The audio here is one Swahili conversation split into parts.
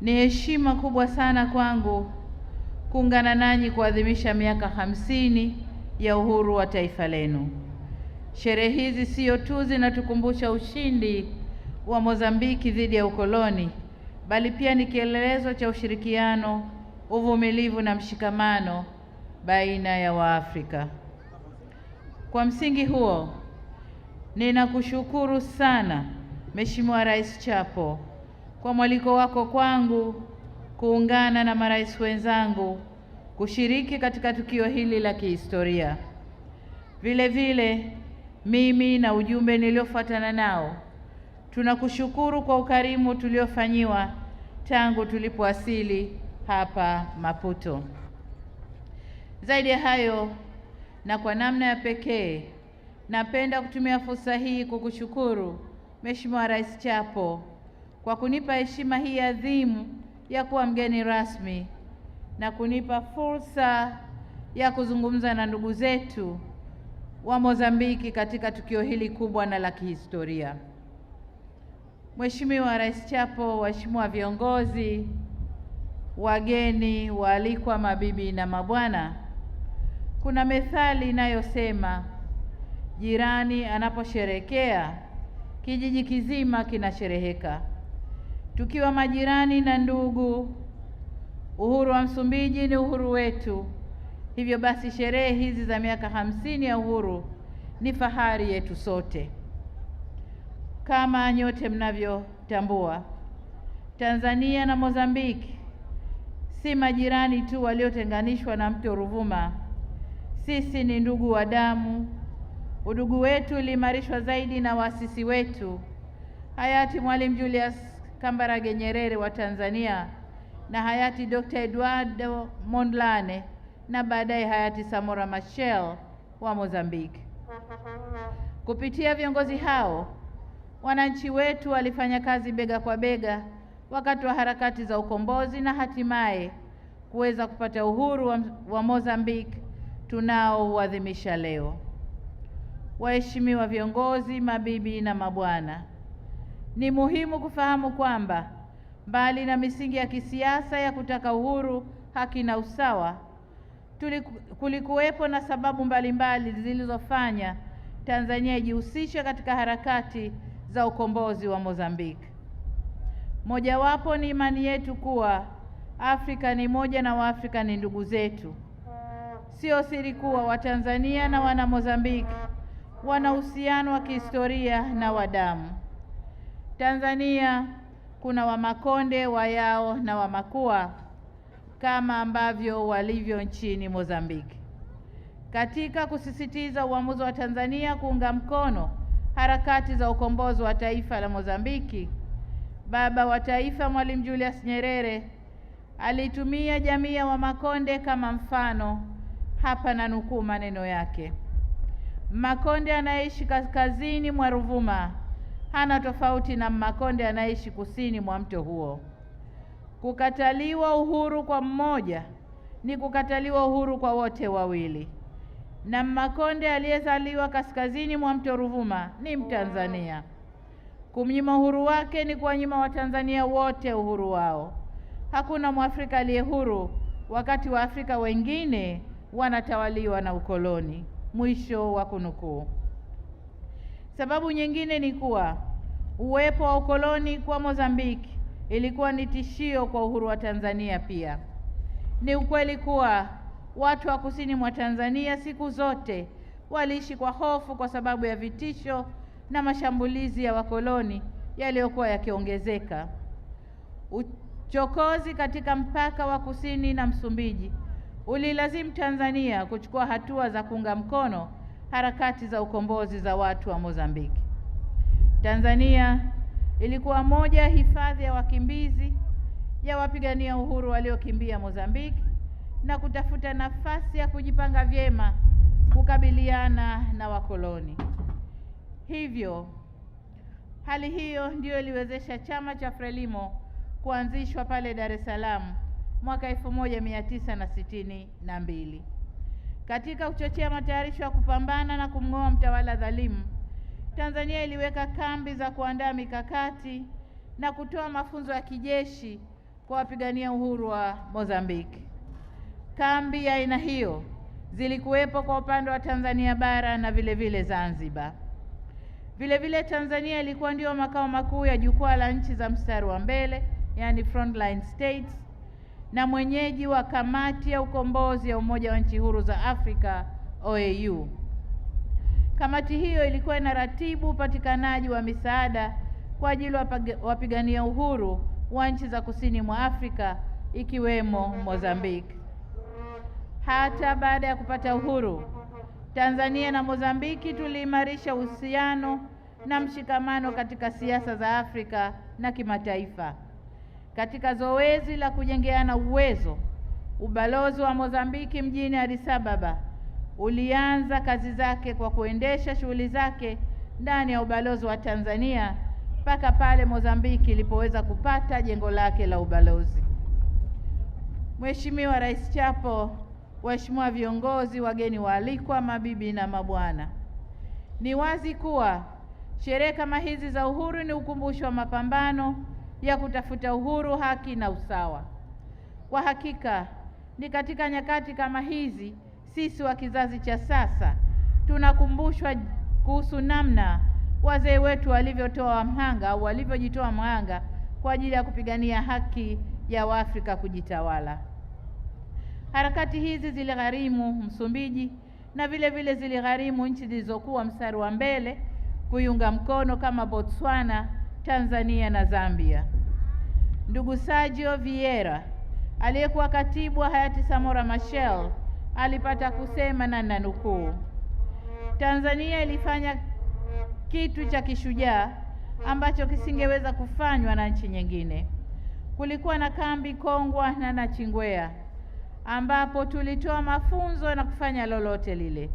Ni heshima kubwa sana kwangu kuungana nanyi kuadhimisha miaka hamsini ya uhuru wa taifa lenu. Sherehe hizi sio tu zinatukumbusha ushindi wa Mozambiki dhidi ya ukoloni, bali pia ni kielelezo cha ushirikiano, uvumilivu na mshikamano baina ya Waafrika. Kwa msingi huo, ninakushukuru sana Mheshimiwa Rais Chapo kwa mwaliko wako kwangu kuungana na marais wenzangu kushiriki katika tukio hili la kihistoria. Vile vile mimi na ujumbe niliofuatana nao tunakushukuru kwa ukarimu tuliofanyiwa tangu tulipowasili hapa Maputo. Zaidi ya hayo, na kwa namna ya pekee, napenda kutumia fursa hii kukushukuru Mheshimiwa Rais Chapo kwa kunipa heshima hii adhimu ya kuwa mgeni rasmi na kunipa fursa ya kuzungumza na ndugu zetu wa Mozambiki katika tukio hili kubwa na la kihistoria. Mheshimiwa Rais Chapo, waheshimiwa viongozi, wageni waalikwa, mabibi na mabwana, kuna methali inayosema jirani anaposherekea kijiji kizima kinashereheka tukiwa majirani na ndugu. Uhuru wa Msumbiji ni uhuru wetu. Hivyo basi sherehe hizi za miaka hamsini ya uhuru ni fahari yetu sote. Kama nyote mnavyotambua, Tanzania na Mozambiki si majirani tu waliotenganishwa na mto Ruvuma. Sisi ni ndugu wa damu. Udugu wetu uliimarishwa zaidi na waasisi wetu hayati Mwalimu Julius Kambarage Nyerere wa Tanzania na hayati Dr. Eduardo Mondlane na baadaye hayati Samora Machel wa mozambique Kupitia viongozi hao, wananchi wetu walifanya kazi bega kwa bega wakati wa harakati za ukombozi na hatimaye kuweza kupata uhuru wa, wa Mozambiki tunaouadhimisha leo. Waheshimiwa viongozi, mabibi na mabwana ni muhimu kufahamu kwamba mbali na misingi ya kisiasa ya kutaka uhuru, haki na usawa, kulikuwepo na sababu mbalimbali zilizofanya Tanzania ijihusishe katika harakati za ukombozi wa Mozambiki. Mojawapo ni imani yetu kuwa Afrika ni moja na Waafrika ni ndugu zetu. Sio siri kuwa Watanzania na wana Mozambiki wana uhusiano wa kihistoria na wadamu Tanzania kuna Wamakonde, Wayao na Wamakua kama ambavyo walivyo nchini Mozambiki. Katika kusisitiza uamuzi wa Tanzania kuunga mkono harakati za ukombozi wa taifa la Mozambiki, Baba wa Taifa Mwalimu Julius Nyerere alitumia jamii ya Wamakonde kama mfano. Hapa na nukuu maneno yake: Makonde anayeishi kaskazini mwa Ruvuma hana tofauti na Mmakonde anayeishi kusini mwa mto huo. Kukataliwa uhuru kwa mmoja ni kukataliwa uhuru kwa wote wawili, na Mmakonde aliyezaliwa kaskazini mwa mto Ruvuma ni Mtanzania. Kumnyima uhuru wake ni kuwanyima Watanzania wote uhuru wao. Hakuna Mwafrika aliye huru wakati Waafrika wengine wanatawaliwa na ukoloni. Mwisho wa kunukuu. Sababu nyingine ni kuwa uwepo wa ukoloni kwa Mozambiki ilikuwa ni tishio kwa uhuru wa Tanzania. Pia ni ukweli kuwa watu wa kusini mwa Tanzania siku zote waliishi kwa hofu kwa sababu ya vitisho na mashambulizi ya wakoloni yaliyokuwa yakiongezeka. Uchokozi katika mpaka wa kusini na Msumbiji ulilazimu Tanzania kuchukua hatua za kuunga mkono harakati za ukombozi za watu wa Mozambiki. Tanzania ilikuwa moja ya hifadhi ya wakimbizi ya wapigania uhuru waliokimbia Mozambiki na kutafuta nafasi ya kujipanga vyema kukabiliana na wakoloni. Hivyo hali hiyo ndiyo iliwezesha chama cha Frelimo kuanzishwa pale Dar es Salaam mwaka 1962 katika kuchochea matayarisho ya kupambana na kumng'oa mtawala dhalimu, Tanzania iliweka kambi za kuandaa mikakati na kutoa mafunzo ya kijeshi kwa wapigania uhuru wa Mozambiki. Kambi ya aina hiyo zilikuwepo kwa upande wa Tanzania bara na vile vile Zanzibar. Vile vile Tanzania ilikuwa ndio makao makuu ya jukwaa la nchi za mstari wa mbele, yani frontline states na mwenyeji wa kamati ya ukombozi ya Umoja wa Nchi Huru za Afrika OAU. Kamati hiyo ilikuwa inaratibu upatikanaji wa misaada kwa ajili ya wapigania uhuru wa nchi za kusini mwa Afrika ikiwemo Mozambique. Hata baada ya kupata uhuru, Tanzania na Mozambiki tuliimarisha uhusiano na mshikamano katika siasa za Afrika na kimataifa katika zoezi la kujengeana uwezo, ubalozi wa Mozambiki mjini Addis Ababa ulianza kazi zake kwa kuendesha shughuli zake ndani ya ubalozi wa Tanzania mpaka pale Mozambiki ilipoweza kupata jengo lake la ubalozi. Mheshimiwa Rais Chapo, waheshimiwa viongozi, wageni waalikwa, mabibi na mabwana, ni wazi kuwa sherehe kama hizi za uhuru ni ukumbusho wa mapambano ya kutafuta uhuru, haki na usawa. Kwa hakika ni katika nyakati kama hizi sisi wa kizazi cha sasa tunakumbushwa kuhusu namna wazee wetu walivyotoa mhanga au walivyojitoa mhanga kwa ajili ya kupigania haki ya Waafrika kujitawala. Harakati hizi ziligharimu Msumbiji na vile vile ziligharimu nchi zilizokuwa mstari wa mbele kuiunga mkono kama Botswana Tanzania na Zambia. Ndugu Sergio Vieira aliyekuwa katibu wa hayati Samora Machel alipata kusema na nanukuu, Tanzania ilifanya kitu cha kishujaa ambacho kisingeweza kufanywa na nchi nyingine. Kulikuwa na kambi Kongwa na Nachingwea ambapo tulitoa mafunzo na kufanya lolote lile.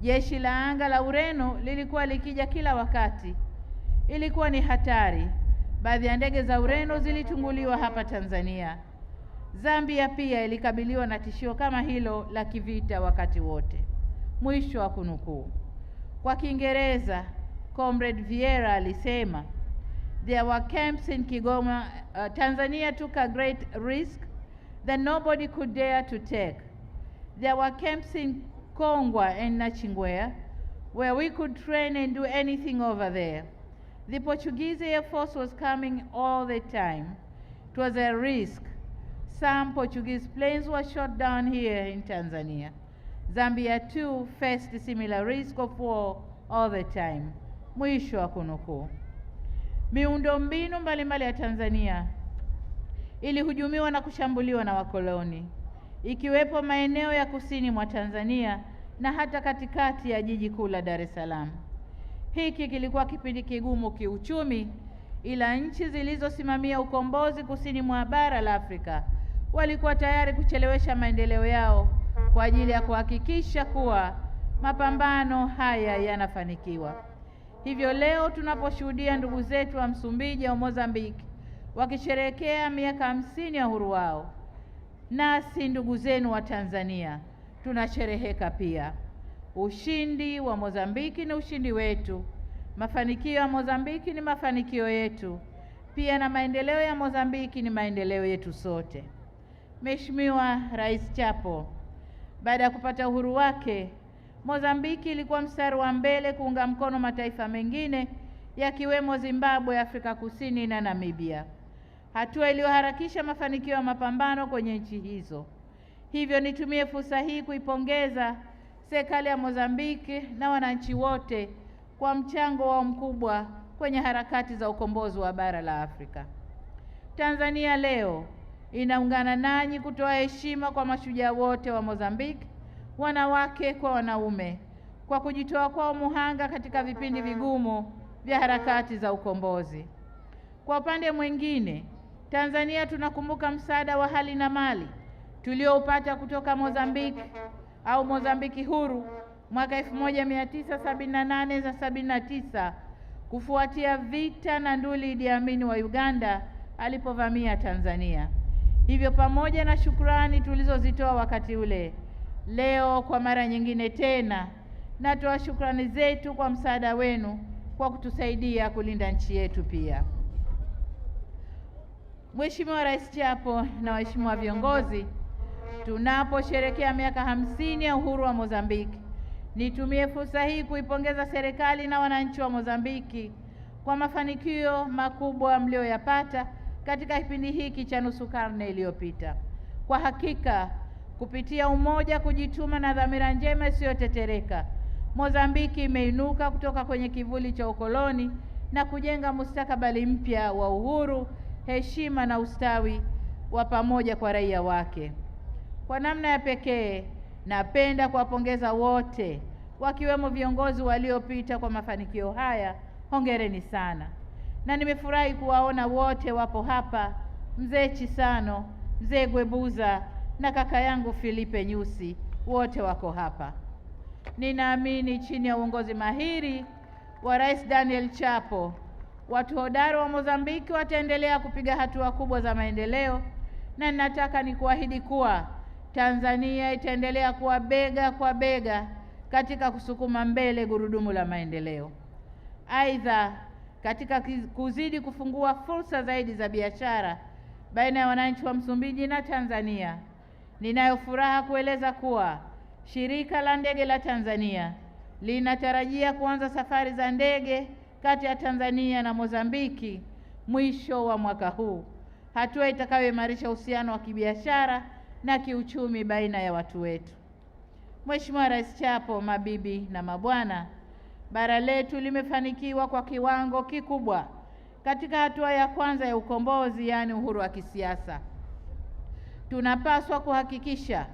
Jeshi la anga la Ureno lilikuwa likija kila wakati ilikuwa ni hatari. Baadhi ya ndege za Ureno zilitunguliwa hapa Tanzania. Zambia pia ilikabiliwa na tishio kama hilo la kivita wakati wote. Mwisho wa kunukuu. Kwa Kiingereza, Comrade Vieira alisema there were camps in Kigoma, uh, Tanzania took a great risk that nobody could dare to take. There were camps in Kongwa and Nachingwea where we could train and do anything over there. The Portuguese Air Force was coming all the time. It was a risk. Some Portuguese planes were shot down here in Tanzania. Zambia too faced similar risk of war all the time. Mwisho wa kunukuu. Miundombinu mbalimbali ya Tanzania ilihujumiwa na kushambuliwa na wakoloni, ikiwepo maeneo ya kusini mwa Tanzania na hata katikati ya jiji kuu la Dar es Salaam. Hiki kilikuwa kipindi kigumu kiuchumi, ila nchi zilizosimamia ukombozi kusini mwa bara la Afrika walikuwa tayari kuchelewesha maendeleo yao kwa ajili ya kuhakikisha kuwa mapambano haya yanafanikiwa. Hivyo leo tunaposhuhudia ndugu zetu wa Msumbiji au Mozambiki wakisherehekea miaka hamsini ya uhuru wao, nasi ndugu zenu wa Tanzania tunashereheka pia. Ushindi wa Mozambiki ni ushindi wetu, mafanikio ya Mozambiki ni mafanikio yetu pia, na maendeleo ya Mozambiki ni maendeleo yetu sote. Mheshimiwa Rais Chapo, baada ya kupata uhuru wake, Mozambiki ilikuwa mstari wa mbele kuunga mkono mataifa mengine yakiwemo Zimbabwe, Afrika Kusini na Namibia, hatua iliyoharakisha mafanikio ya mapambano kwenye nchi hizo. Hivyo nitumie fursa hii kuipongeza serikali ya Mozambiki na wananchi wote kwa mchango wao mkubwa kwenye harakati za ukombozi wa bara la Afrika. Tanzania leo inaungana nanyi kutoa heshima kwa mashujaa wote wa Mozambiki, wanawake kwa wanaume, kwa kujitoa kwao muhanga katika vipindi vigumu vya harakati za ukombozi. Kwa upande mwingine, Tanzania tunakumbuka msaada wa hali na mali tulioupata kutoka Mozambiki au Mozambiki huru mwaka 1978 na 79 kufuatia vita na nduli Idi Amin wa Uganda alipovamia Tanzania. Hivyo, pamoja na shukrani tulizozitoa wakati ule, leo kwa mara nyingine tena natoa shukrani zetu kwa msaada wenu kwa kutusaidia kulinda nchi yetu. Pia Mheshimiwa Rais Chapo na waheshimiwa viongozi tunaposherekea miaka hamsini ya uhuru wa Mozambiki. Nitumie fursa hii kuipongeza serikali na wananchi wa Mozambiki kwa mafanikio makubwa mlioyapata katika kipindi hiki cha nusu karne iliyopita. Kwa hakika, kupitia umoja, kujituma na dhamira njema isiyotetereka, Mozambiki imeinuka kutoka kwenye kivuli cha ukoloni na kujenga mustakabali mpya wa uhuru, heshima na ustawi wa pamoja kwa raia wake. Kwa namna ya pekee napenda kuwapongeza wote wakiwemo viongozi waliopita kwa mafanikio haya. Hongereni sana, na nimefurahi kuwaona wote wapo hapa, mzee Chisano, mzee Gwebuza na kaka yangu Filipe Nyusi, wote wako hapa. Ninaamini chini ya uongozi mahiri wa Rais Daniel Chapo, watu hodari wa Mozambiki wataendelea kupiga hatua kubwa za maendeleo, na ninataka nikuahidi kuwa Tanzania itaendelea kuwa bega kwa bega katika kusukuma mbele gurudumu la maendeleo. Aidha, katika kuzidi kufungua fursa zaidi za biashara baina ya wananchi wa Msumbiji na Tanzania, ninayo furaha kueleza kuwa shirika la ndege la Tanzania linatarajia kuanza safari za ndege kati ya Tanzania na Mozambiki mwisho wa mwaka huu, hatua itakayoimarisha uhusiano wa kibiashara na kiuchumi baina ya watu wetu. Mheshimiwa Rais Chapo, mabibi na mabwana, bara letu limefanikiwa kwa kiwango kikubwa katika hatua ya kwanza ya ukombozi, yaani uhuru wa kisiasa. Tunapaswa kuhakikisha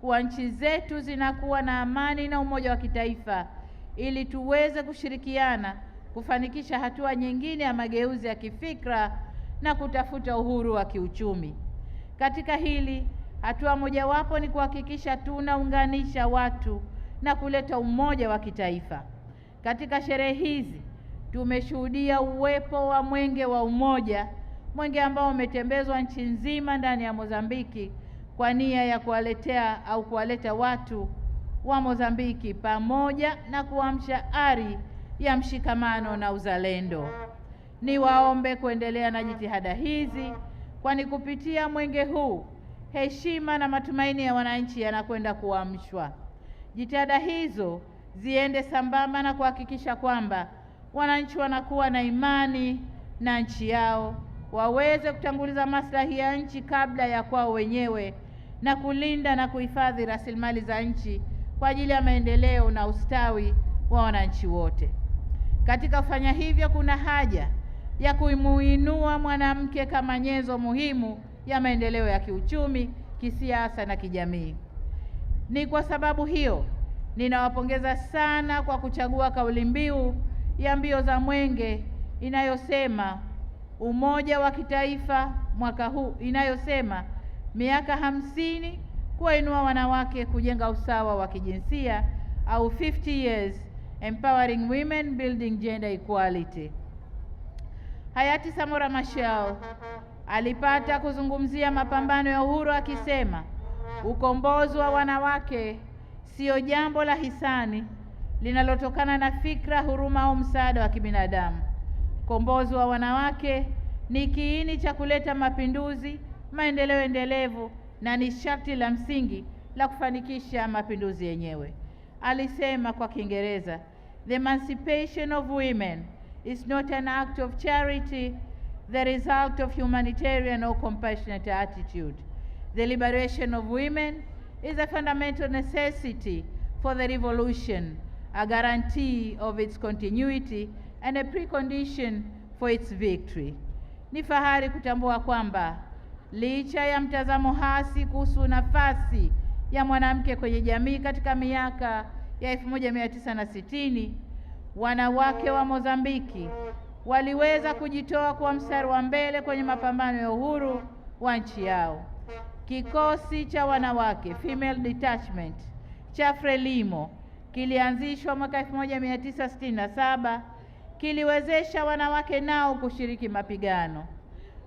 kuwa nchi zetu zinakuwa na amani na umoja wa kitaifa ili tuweze kushirikiana kufanikisha hatua nyingine ya mageuzi ya kifikra na kutafuta uhuru wa kiuchumi. Katika hili Hatua mojawapo ni kuhakikisha tunaunganisha watu na kuleta umoja wa kitaifa. Katika sherehe hizi tumeshuhudia uwepo wa mwenge wa umoja, mwenge ambao umetembezwa nchi nzima ndani ya Mozambiki kwa nia ya kuwaletea au kuwaleta watu wa Mozambiki pamoja na kuamsha ari ya mshikamano na uzalendo. Niwaombe kuendelea na jitihada hizi, kwani kupitia mwenge huu heshima na matumaini ya wananchi yanakwenda kuamshwa. Jitihada hizo ziende sambamba na kuhakikisha kwamba wananchi wanakuwa na imani na nchi yao, waweze kutanguliza maslahi ya nchi kabla ya kwao wenyewe na kulinda na kuhifadhi rasilimali za nchi kwa ajili ya maendeleo na ustawi wa wananchi wote. Katika kufanya hivyo, kuna haja ya kumuinua mwanamke kama nyenzo muhimu ya maendeleo ya kiuchumi, kisiasa na kijamii. Ni kwa sababu hiyo ninawapongeza sana kwa kuchagua kauli mbiu ya mbio za Mwenge inayosema umoja wa kitaifa mwaka huu, inayosema miaka hamsini kuwainua wanawake kujenga usawa wa kijinsia au 50 years empowering women building gender equality. Hayati Samora Machel alipata kuzungumzia mapambano ya uhuru akisema, ukombozi wa wanawake siyo jambo la hisani linalotokana na fikra, huruma au msaada wa kibinadamu. Ukombozi wa wanawake ni kiini cha kuleta mapinduzi, maendeleo endelevu na ni sharti la msingi la kufanikisha mapinduzi yenyewe. Alisema kwa Kiingereza, the emancipation of women is not an act of charity the result of humanitarian or compassionate attitude. The liberation of women is a fundamental necessity for the revolution, a guarantee of its continuity and a precondition for its victory. Ni fahari kutambua kwamba licha ya mtazamo hasi kuhusu nafasi ya mwanamke kwenye jamii katika miaka ya 1960 wanawake wa Mozambiki waliweza kujitoa kuwa mstari wa mbele kwenye mapambano ya uhuru wa nchi yao. Kikosi cha wanawake female detachment cha Frelimo kilianzishwa mwaka 1967 kiliwezesha wanawake nao kushiriki mapigano.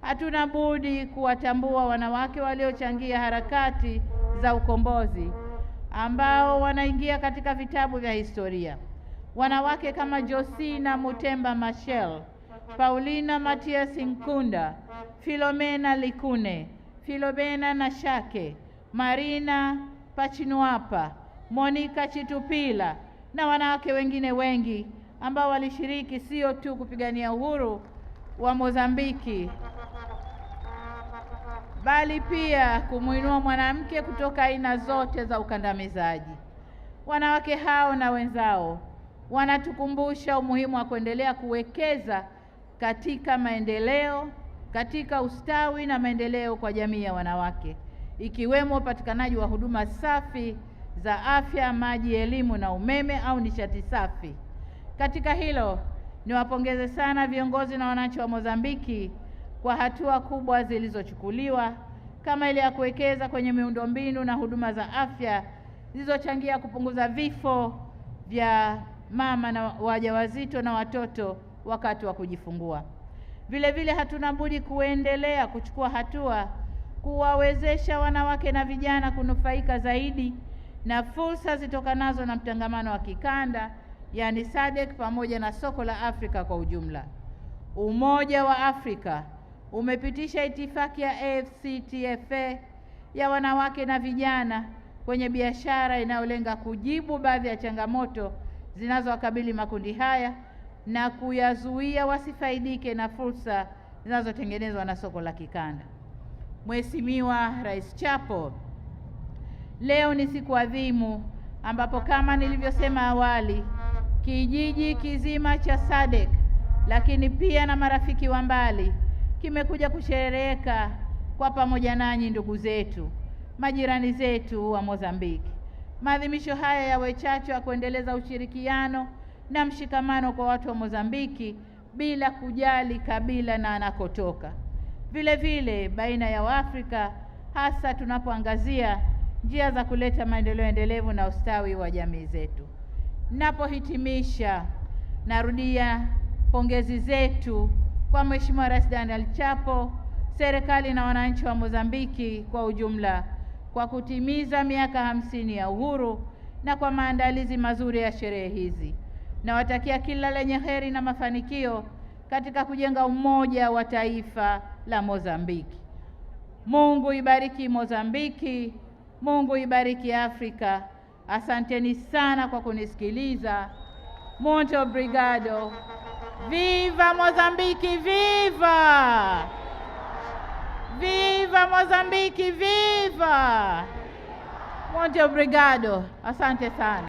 Hatuna budi kuwatambua wanawake waliochangia harakati za ukombozi ambao wanaingia katika vitabu vya historia. Wanawake kama Josina Mutemba Machel, Paulina Matias Nkunda, Filomena Likune, Filomena Nashake, Marina Pachinuapa, monika Chitupila na wanawake wengine wengi ambao walishiriki sio tu kupigania uhuru wa Mozambiki bali pia kumwinua mwanamke kutoka aina zote za ukandamizaji. Wanawake hao na wenzao wanatukumbusha umuhimu wa kuendelea kuwekeza katika maendeleo, katika ustawi na maendeleo kwa jamii ya wanawake, ikiwemo upatikanaji wa huduma safi za afya, maji, elimu na umeme au nishati safi. Katika hilo, niwapongeze sana viongozi na wananchi wa Mozambiki kwa hatua kubwa zilizochukuliwa kama ile ya kuwekeza kwenye miundombinu na huduma za afya zilizochangia kupunguza vifo vya mama na wajawazito na watoto wakati wa kujifungua. Vile vile hatuna budi kuendelea kuchukua hatua kuwawezesha wanawake na vijana kunufaika zaidi na fursa zitokanazo na mtangamano wa kikanda yani SADC pamoja na soko la Afrika kwa ujumla. Umoja wa Afrika umepitisha itifaki ya AfCTFA ya wanawake na vijana kwenye biashara inayolenga kujibu baadhi ya changamoto zinazowakabili makundi haya na kuyazuia wasifaidike na fursa zinazotengenezwa na soko la kikanda. Mheshimiwa Rais Chapo, leo ni siku adhimu ambapo kama nilivyosema awali, kijiji kizima cha SADC lakini pia na marafiki wa mbali kimekuja kushereheka kwa pamoja nanyi, ndugu zetu, majirani zetu wa Mozambiki. Maadhimisho haya yawe chachu ya kuendeleza ushirikiano na mshikamano kwa watu wa Mozambiki bila kujali kabila na anakotoka. Vile vile baina ya Waafrika hasa tunapoangazia njia za kuleta maendeleo endelevu na ustawi wa jamii zetu. Napohitimisha, narudia pongezi zetu kwa Mheshimiwa Rais Daniel Chapo, serikali na wananchi wa Mozambiki kwa ujumla kwa kutimiza miaka hamsini ya uhuru na kwa maandalizi mazuri ya sherehe hizi. Nawatakia kila lenye heri na mafanikio katika kujenga umoja wa taifa la Mozambiki. Mungu ibariki Mozambiki, Mungu ibariki Afrika. Asanteni sana kwa kunisikiliza. Muito obrigado. Viva Mozambiki, viva! Viva Mozambiki, viva! Muito obrigado. Asante sana.